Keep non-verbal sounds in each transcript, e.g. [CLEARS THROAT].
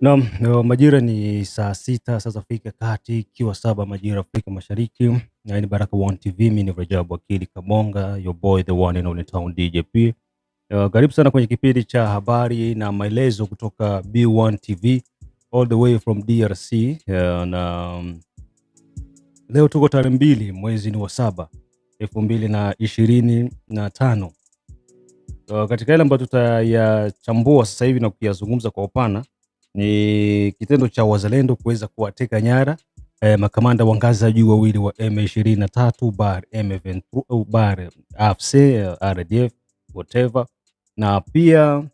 Naam, no, eh, majira ni saa sita sasa Afrika Kati, ikiwa saba majira Afrika Mashariki. Na ni Baraka One TV, mimi ni Rajabu Akili Kabonga, your boy the one and only town DJP. Eh, Karibu sana kwenye kipindi cha habari na maelezo kutoka B1 TV all the way from DRC. uh, eh, na um, leo tuko tarehe mbili mwezi ni wa saba elfu mbili na ishirini na tano. Uh, katika yale ambayo tutayachambua sasa hivi na kuyazungumza kwa upana ni kitendo cha wazalendo kuweza kuwateka nyara eh, makamanda wa ngazi za juu wawili wa M23 bar M23 eh, bar AFC eh, RDF whatever, na pia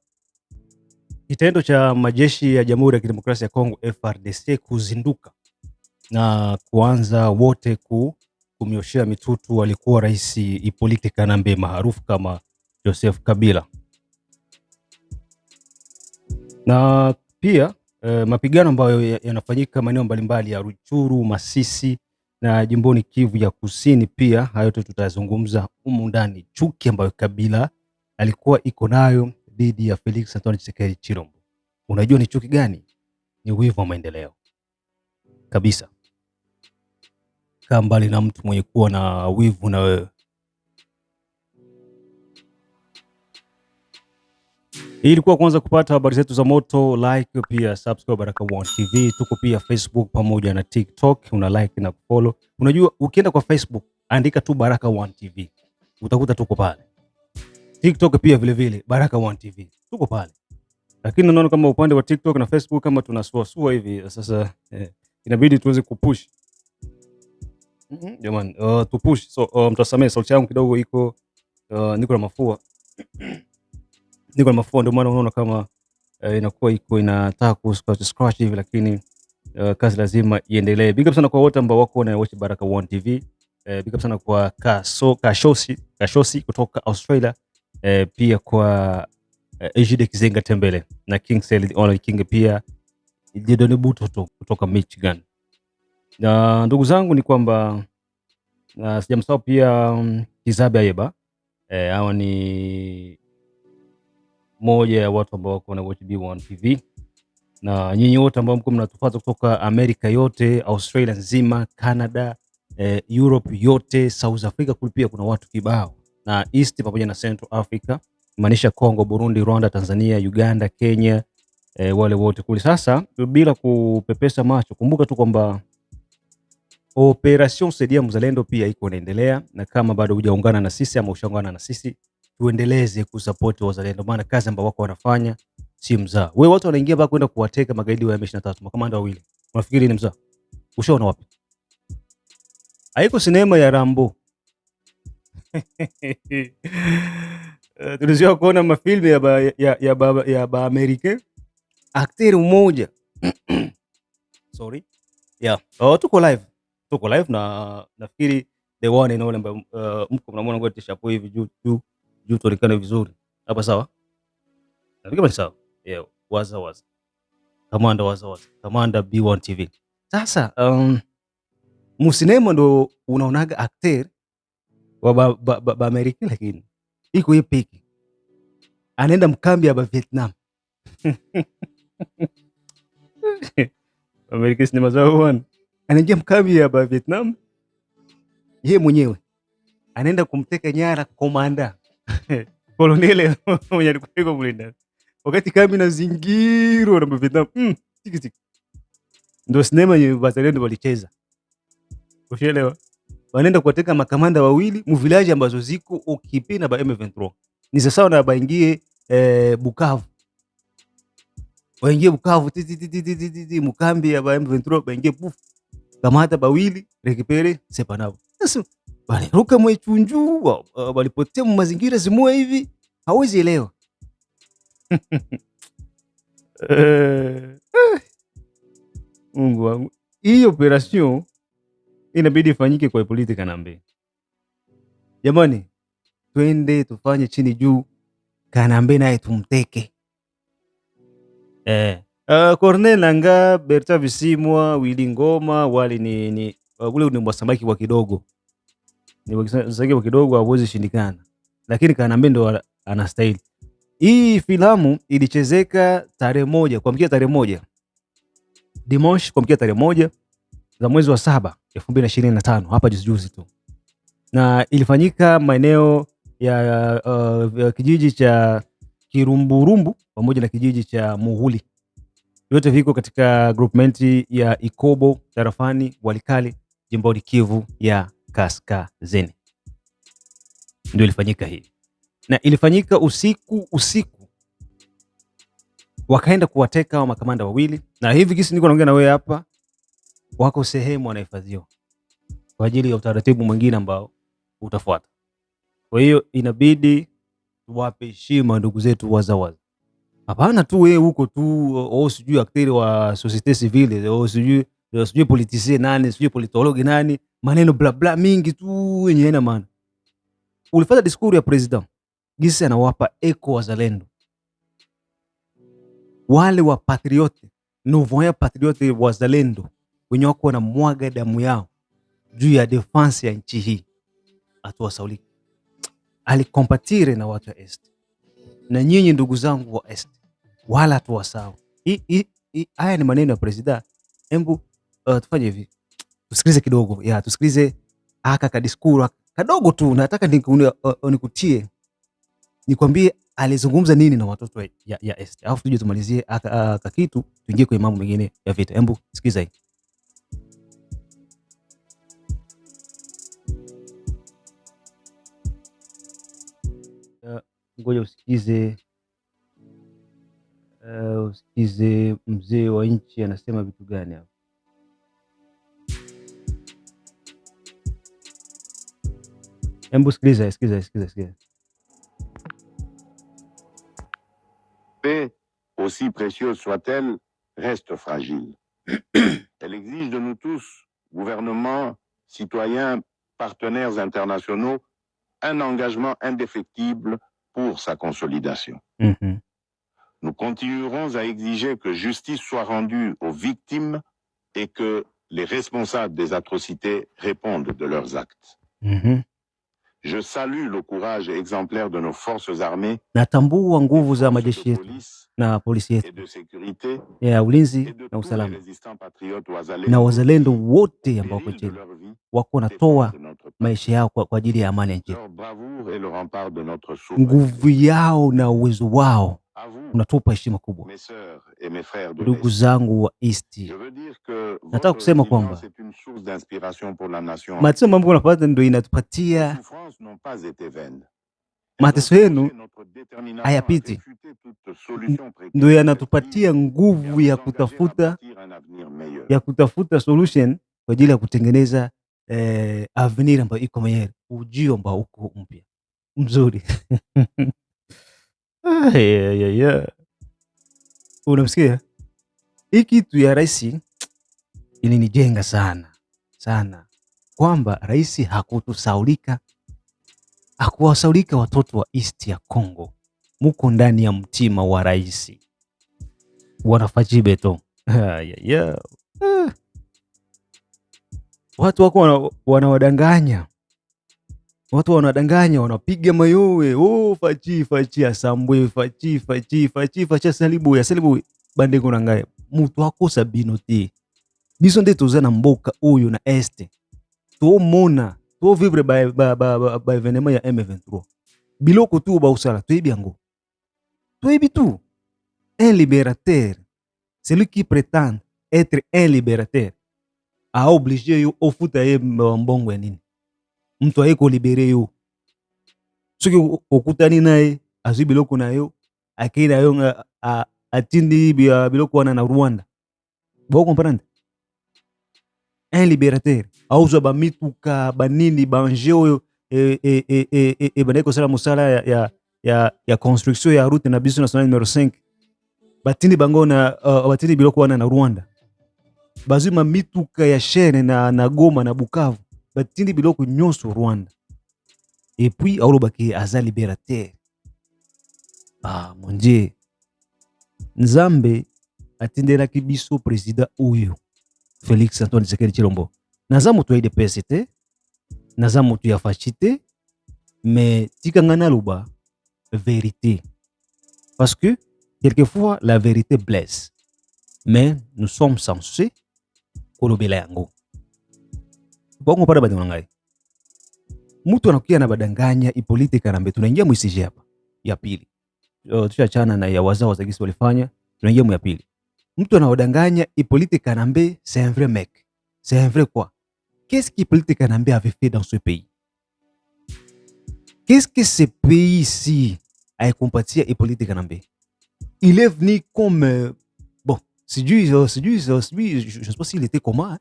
kitendo cha majeshi ya Jamhuri ya Kidemokrasia ya Kongo frdc kuzinduka na kuanza wote ku kumnyoshea mitutu alikuwa Rais Ipolite Kanambe maarufu kama Joseph Kabila na pia eh, mapigano ambayo yanafanyika maeneo mbalimbali ya Ruchuru, Masisi na jimboni Kivu ya Kusini, pia hayo yote tutayazungumza humu ndani. Chuki ambayo Kabila alikuwa iko nayo dhidi ya Felix Antoine Tshisekedi Chilombo, unajua ni chuki gani? Ni wivu wa maendeleo kabisa. Kaa mbali na mtu mwenye kuwa na wivu na wewe Ilikuwa kwanza kupata habari zetu za moto, like pia subscribe Baraka One TV. Tuko pia Facebook pamoja na TikTok, una like na follow. Unajua, ukienda kwa Facebook andika tu Baraka One TV utakuta tuko pale. TikTok pia vile vile Baraka One TV tuko pale, lakini naona kama upande wa TikTok na Facebook kama tunasuasua hivi sasa eh, inabidi tuweze kupush mhm. jamani, mm -hmm. Uh, tupush so, uh, mtasamee sauti yangu kidogo iko uh, niko na mafua niko na mafua, ndio maana unaona kama uh, inakuwa iko inataka ku scratch scratch hivi, lakini uh, kazi lazima iendelee. Big up sana kwa wote ambao wako na watch Baraka One TV. Uh, eh, big up sana kwa Kaso, Kashosi, Kashosi kutoka Australia. Uh, pia kwa uh, Ejide Kizenga Tembele na King Sel Online King pia Jedoni Butoto kutoka Michigan. Na ndugu zangu ni kwamba uh, sijamsahau pia um, Kizabe Ayeba. E, hawa ni moja ya watu ambao wako na Watch B1 TV na nyinyi wote ambao mko mnatufuata kutoka Amerika yote, Australia nzima, Canada, eh, Europe yote, South Africa kule pia kuna watu kibao na East pamoja na Central Africa, maanisha Congo, Burundi, Rwanda, Tanzania, Uganda, Kenya, eh, wale wote kule. Sasa bila kupepesa macho, kumbuka tu kwamba Operation Saidia Mzalendo pia iko inaendelea, na kama bado hujaungana na sisi ama ushaungana na sisi tuendeleze kusapoti wazalendo, maana kazi ambayo wako wanafanya si mzaa. Wewe watu wanaingia mpaka kwenda kuwateka magaidi wa M23, makamanda wawili, unafikiri ni mzaha? Ushaona wapi? Haiko sinema ya Rambo [LAUGHS] tulizoea kuona mafilmu ya ba, ya, ya, ba, ya ba Amerika, akteri mmoja [CLEARS THROAT] sorry yeah. Oh, tuko live, tuko live na nafikiri the one and all ambayo uh, mko mnamwona ngoja tishapo hivi juu juu juu tuonekane vizuri hapa, sawa? Nafikiri sawa. Yeah, waza waza. Kamanda waza waza. Kamanda B1 TV. Sasa um, Musinema ndo unaonaga akter wa ba, ba, ba, ba Amerika lakini iko hii piki. Anaenda mkambi ya ba Vietnam. [LAUGHS] Amerika sinema za wana. Anaingia mkambi ya ba Vietnam. Ye mwenyewe anaenda kumteka nyara komanda [LAUGHS] Kolonele [LAUGHS] mwenye alikuwa kule ndani. Wakati kambi inazingirwa na mavita, mm, tiki tiki. Ndio sinema yenye wazalendo walicheza. Ushaelewa? Wanaenda kuwateka makamanda wawili mu ambazo ziko okipe na ba M23. Ni sawa na baingie eh, Bukavu. Waingie Bukavu titi titi titi titi mukambi ya ba M23 baingie pufu Kamata bawili rekipere sepanavo. Sasa waliruka mwechunju, walipotea mazingira zimua hivi, hawezi elewa [LAUGHS] eh. Mungu wangu, hii operation inabidi ifanyike kwa politika Kanambe. Jamani, twende tufanye chini juu, Kanambe naye tumteke. Eh, uh, eh, Cornel Nanga, Berta Bisimwa, Wili Ngoma, wali ni, ni, uh, ule ni mwasamaki wa kidogo sasa kidogo hawezi shindikana, lakini kanaambia ndo anastahili. Hii filamu ilichezeka tarehe moja kuamkia tarehe moja Dimanche kuamkia tarehe moja za mwezi wa saba elfu mbili na ishirini na tano hapa juzijuzi tu, na ilifanyika maeneo ya uh, kijiji cha Kirumburumbu pamoja na kijiji cha Muhuli, vyote viko katika groupment ya Ikobo tarafani Walikale jimboni Kivu ya kaskazini. Ndio ilifanyika hii, na ilifanyika usiku usiku, wakaenda kuwateka wa makamanda wawili, na hivi kisi niko naongea na wewe hapa, wako sehemu wanahifadhiwa kwa ajili ya utaratibu mwingine ambao utafuata. Kwa hiyo inabidi tuwape heshima ndugu zetu wazawaza. Hapana tu wewe huko tu au sijui akteri wa societe civile au sijui sijui politisie nani sijui politologi nani maneno blabla bla mingi tu yenye haina maana. Ulifata diskuru ya president gisi anawapa eko wazalendo wale wa patriote nouvoya patriote wazalendo wenye wako na mwaga damu yao juu ya defense ya nchi hii, atuwasauliki alikompatire na watu wa est, na nyinyi ndugu zangu wa est, wala atuwasau. Haya ni maneno ya president. Embu uh, tufanye hivi tusikilize kidogo ya, tusikilize ah, aka kadiskuru kadogo tu, nataka nikutie nikwambie alizungumza nini na watoto ya, ya Esther, alafu tuje tumalizie ah, ah, aka kitu tuingie kwenye mambo mengine ya vita. Hebu sikiliza hii. Ngoja usikize, uh, usikize mzee wa nchi anasema vitu gani hapa. Hebu Paix, aussi précieuse soit-elle, reste fragile. [CLEARS THROAT] Elle exige de nous tous, gouvernements, citoyens, partenaires internationaux, un engagement indéfectible pour sa consolidation. Mm-hmm. Nous continuerons à exiger que justice soit rendue aux victimes et que les responsables des atrocités répondent de leurs actes. Mm-hmm. Je salue le courage exemplaire de nos forces armées. Natambua nguvu za majeshi yetu na polisi yetu ya ulinzi na usalama na wazalendo wote ambao wako jela wako wanatoa maisha yao kwa ajili ya amani ya nchi. Nguvu yao na uwezo wao unatupa heshima kubwa. Ndugu zangu wa East, nataka kusema kwamba mateso mambo unapata ndio inatupatia mateso yenu hayapiti, ndio yanatupatia nguvu ya kutafuta ya kutafuta solution kwa ajili ya kutengeneza eh, avenir ambayo iko mwenyewe, ujio ambao uko mpya mzuri [LAUGHS] Unamsikia? Hii kitu ya rais ilinijenga sana sana, kwamba rais hakutusaulika, hakuwasaulika watoto wa East ya Congo. Muko ndani ya mtima wa rais, wanafajibe to ah. Watu wako wanawadanganya watu wanadanganya, wanapiga mayowe, oh, fachi fachi asambwe fachi fachi fachi fachi salibu ya salibu bandeko na ngai mutu akosa bino biso nde tuza na mboka oyo na este tomona to vivre ba, ba, ba, ba, evenema ya M23 biloko tu baosala toyebi yango toyebi tu un libérateur celui qui prétend être un libérateur aoblige yo ofuta ye mbongo ya nini mtu aiko libere yo soki okutani naye azwi biloko na yo akei na yo atindi biloko wana na Rwanda bokomprendre un liberateur aozwa bamituka banini bange oyo ebandaki e, e, e, kosala mosala ya construction ya route na biso national numero 5 batindi bango batindi biloko wana na Rwanda bazwi mamituka ya chaine na Goma na Bukavu batindi biloko nyonso Rwanda epuis aolobaki aza libérateur ah mon dieu nzambe atindelaki biso président oyo Félix Antoine Tshisekedi Tshilombo naza moto ya UDPS te naza moto ya des te mais tika nga naloba vérité parce que quelquefois la vérité blesse mais nous sommes censés kolobela yango pada pale banyangai. Mtu anakuja na badanganya Ipolite Karambe, tunaingia mwisije hapa ya pili. Tushachana na ya wazao wa Zagisi walifanya, tunaingia mwa pili. Mtu anaodanganya Ipolite Karambe, c'est un vrai mec. C'est un vrai quoi? Qu'est-ce qui qu'Ipolite Karambe avait fait dans ce pays? Qu'est-ce que ce pays ici a compati à Ipolite Karambe? Il est venu comme euh, bon, sijui sijui sijui, je sais pas s'il était comment. Hein?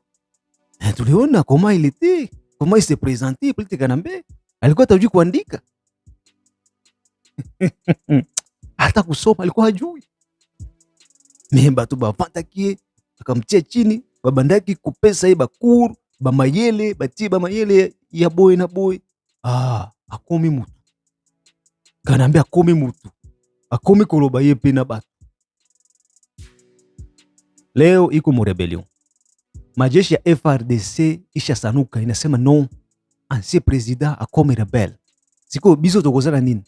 Eh, tuliona koma ilite koma ise il se kanambe alikuwa tajui kuandika [LAUGHS] hata kusoma alikuwa hajui memba tu bavatakie akamtia chini babandaki kupesa ye bakuru bamayele batie bamayele ya boye na boye ah, akomi mutu kanambe akomi mutu akomi koloba ye pe na batu leo iko mu rebellion majeshi ya FRDC sanuka inasema no, ancien president akome rebel. Siko biso tokozala nini?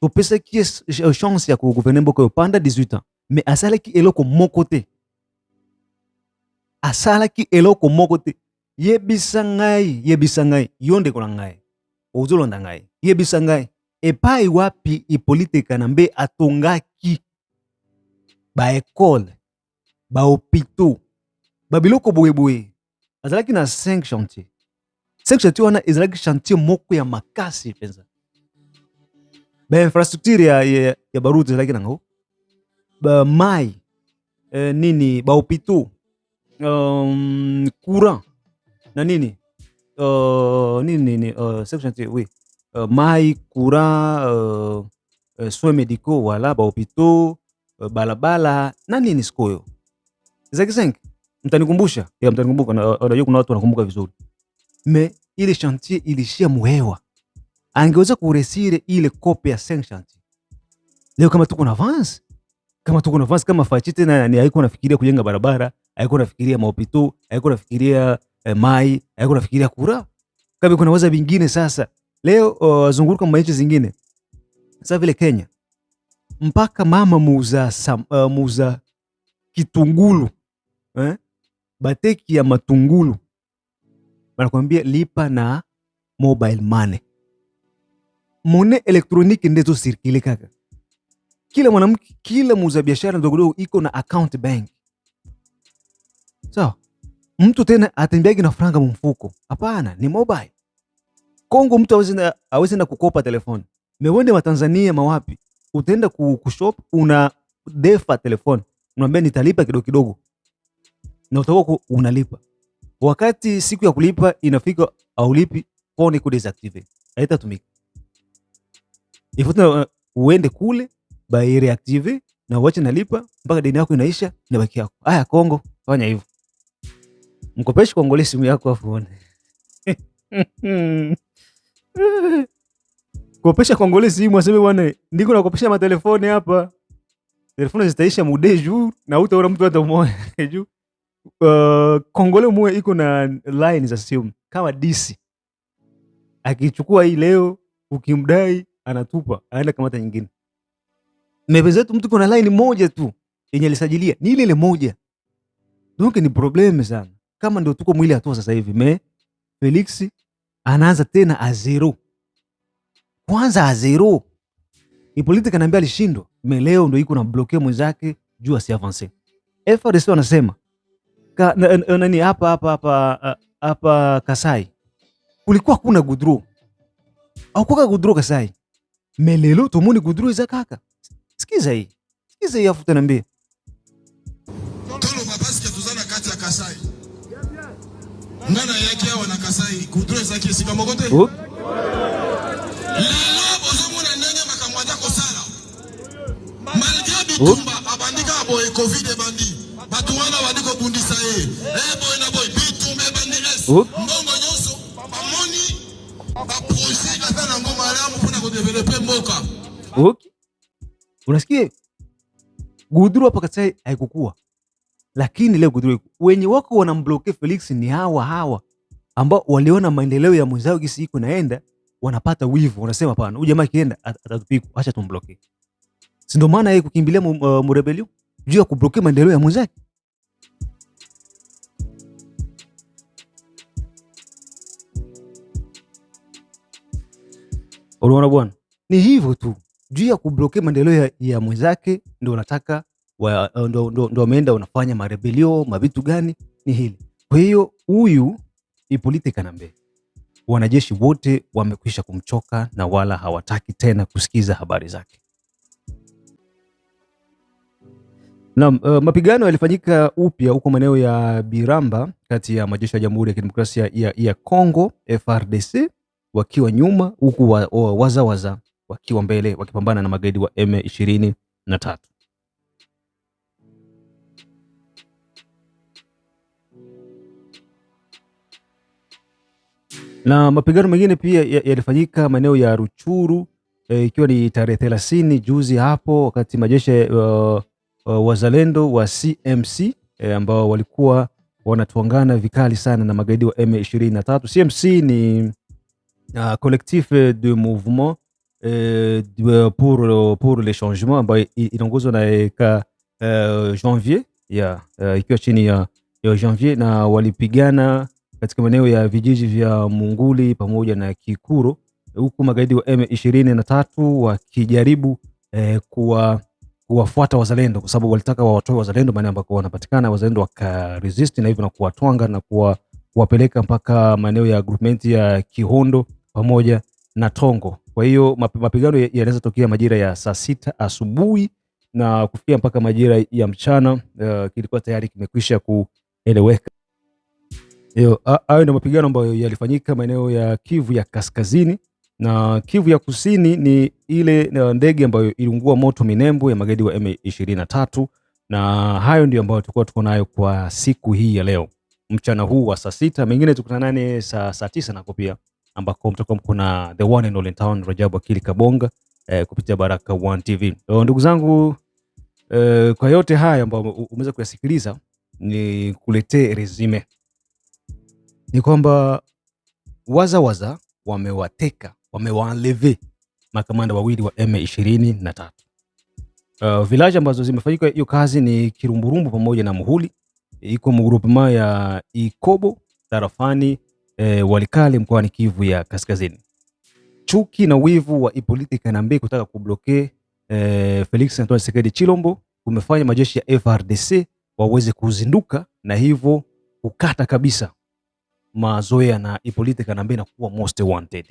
topesaki ki euh, chance ya koguverne mboka yo panda 18 ans me asalaki eloko moko te, asalaki eloko moko te. Yebisa ngai, yebisa ngai, yo ndeko na ngai, ozolonda ngai, yebisa ngai epai wapi Hippolyte Kanambe atongaki baekole bahopitau babiloko boyeboye azalaki na 5 chantier cinq chantier wana ezalaki chantier moko ya makasi mpenza bainfrastructure ya, ya, ya barute ezalaki nango bamai eh, nini bahopitau um, euh, courant na nini uh, nini nini uh, chantier oui uh, mai courant uh, uh, soins médicaux wala voilà, bahopitau uh, balabala na nini sikoyo ezalaki cinq mtanikumbusha? Yeah, mtanikumbuka. Unajua kuna watu wanakumbuka vizuri. Me ile chantier ilishia muhewa, angeweza kuresire ile kope ya sen chantier leo, kama tuko na avance kama tuko na avance kama fachi tena, ni haiko nafikiria kujenga barabara, haiko nafikiria maopito, haiko nafikiria eh, mai, haiko nafikiria kura kama kuna waza vingine. Sasa leo uh, zunguruka maichi zingine sasa vile Kenya mpaka mama muuza uh, muuza kitungulu eh? bateki ya matungulu wanakwambia lipa na mobile money. Mone elektroniki ndezo sirkile kaka, kila mwanamke, kila muuza biashara ndogodogo iko na account bank sawa. So, mtu tena atembeagi na franga mumfuko? Hapana, ni mobile Kongo. Mtu awezi na kukopa telefoni mewende Matanzania mawapi, utaenda kushop una defa telefoni, unaambia nitalipa kidogo kidogo na utakuwa unalipa. Wakati siku ya kulipa inafika, aulipi phone iko deactivate, haitatumika. Ifuta uh, uende kule by reactive na uache nalipa mpaka deni yako inaisha, na baki yako. Haya, Kongo fanya hivyo, mkopeshi kuangalia simu yako afu uone [LAUGHS] kopesha kongole simu aseme bwana, ndiko nakopesha matelefoni hapa, telefoni zitaisha mude juu na utaona mtu hata mmoja [LAUGHS] juu uh, kongole mue iko na line za simu kama DC akichukua hii leo, ukimdai anatupa, aenda kamata nyingine. Mepe zetu mtu kuna line moja tu yenye alisajilia ni ile ile moja, donc ni problem sana, kama ndio tuko mwili hatua sasa hivi. Me Felix anaanza tena a zero, kwanza a zero ni politika, kanaambia alishindwa, me leo ndio iko na bloke mwenzake juu asiavance. FRC wanasema nani hapa hapa hapa hapa Kasai kulikuwa kuna gudro au kwa gudro Kasai melelo tumuni gudro za kaka. Sikiza hii sikiza hii afuta niambie tolo mabasi ketuzana kati ya Kasai ngana yake hawa na Kasai gudro iza kesi kama kote lelo bozomuna ndenge makamwa yako sala malgabi tumba abandika abo covid bandi Unasikia guduru hapa katai haikukuwa, lakini leo guduru wenye wako wanambloke Felix ni hawa hawa ambao waliona maendeleo ya mwenzao gisi iko naenda, wanapata wivu, wanasema pana, huyu jamaa kienda atatupiku, acha tumbloke. Si ndio maana yeye kukimbilia uh, murebelio juu ya kubloke maendeleo ya mwenzake. Unaona bwana, ni hivyo tu juu ya kubloke maendeleo ya, ya mwenzake, ndio unataka uh, ndio wameenda wanafanya marebelio mavitu gani, ni hili. Kwa hiyo huyu Ipolite Kanambe wanajeshi wote wamekwisha kumchoka na wala hawataki tena kusikiza habari zake. Na, uh, mapigano yalifanyika upya huko maeneo ya Biramba kati ya majeshi ya Jamhuri ya Kidemokrasia ya Kongo frdc wakiwa nyuma huku wazawaza waza, wakiwa mbele wakipambana na magaidi wa M23. Na mapigano mengine pia yalifanyika maeneo ya Ruchuru eh, ikiwa e, ni tarehe 30 juzi hapo, wakati majeshi uh, uh, wazalendo wa CMC e, eh, ambao walikuwa wanatuangana vikali sana na magaidi wa M23. CMC ni un euh, collectif de mouvement euh, pour, pour les changements ambayo inaongozwa na ka janvier il y a euh, chini y a janvier na walipigana katika maeneo ya vijiji vya Munguli pamoja na Kikuro, huku magaidi wa M23 wakijaribu eh, kuwa kuwafuata wazalendo kwa sababu walitaka wawatoe wazalendo maeneo ambako wanapatikana wazalendo, wakaresist na hivyo na kuwatwanga na kuwapeleka mpaka maeneo ya groupment ya Kihondo pamoja na Tongo. Kwa hiyo mapigano yanaweza tokea majira ya saa sita asubuhi na kufikia mpaka majira ya mchana. Uh, kilikuwa tayari kimekwisha kueleweka. Hayo ndio mapigano ambayo yalifanyika maeneo ya Kivu ya kaskazini na Kivu ya kusini ni ile ndege ambayo iliungua moto Minembo ya magaidi wa M23, na hayo ndio ambayo tulikuwa tuko nayo kwa siku hii ya leo mchana huu wa saa sita, mengine tukutanane saa saa tisa nako pia ambako mtakuwa mko na the one and only in town Rajabu Akili Kabonga eh, kupitia Baraka One TV. Eh, ndugu zangu eh, kwa yote haya ambayo umeweza kuyasikiliza, ni kuletee resume ni kwamba wazawaza wamewateka wamewanleve makamanda wawili wa M23. Uh, eh, vilaji ambazo zimefanyika hiyo kazi ni Kirumburumbu pamoja na Muhuli, iko mgrupema ya Ikobo tarafani e, Walikale mkoani Kivu ya Kaskazini. Chuki na wivu wa Hippolyte Kanambe kutaka kubloke e, eh, Felix Antoine Tshisekedi Chilombo kumefanya majeshi ya FRDC waweze kuzinduka na hivyo kukata kabisa mazoea na Hippolyte Kanambe na kuwa most wanted.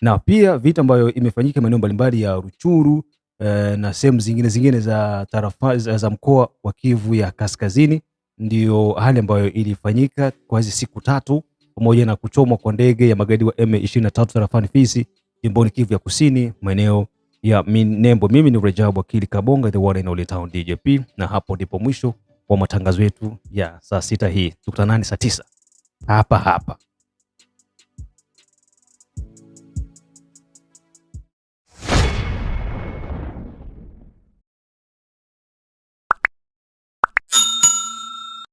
Na pia vita ambayo imefanyika maeneo mbalimbali ya Ruchuru e, na sehemu zingine zingine za tarafa za za mkoa wa Kivu ya Kaskazini, ndio hali ambayo ilifanyika kwa hizi siku tatu pamoja na kuchomwa kwa ndege ya magaidi wa M23 tarafani Fizi jimboni Kivu ya Kusini maeneo ya Minembo. Mimi ni Rejabu Akili Kabonga, the one in Ole town DJP, na hapo ndipo mwisho wa matangazo yetu ya saa sita hii. Tukutanani saa tisa hapa hapa.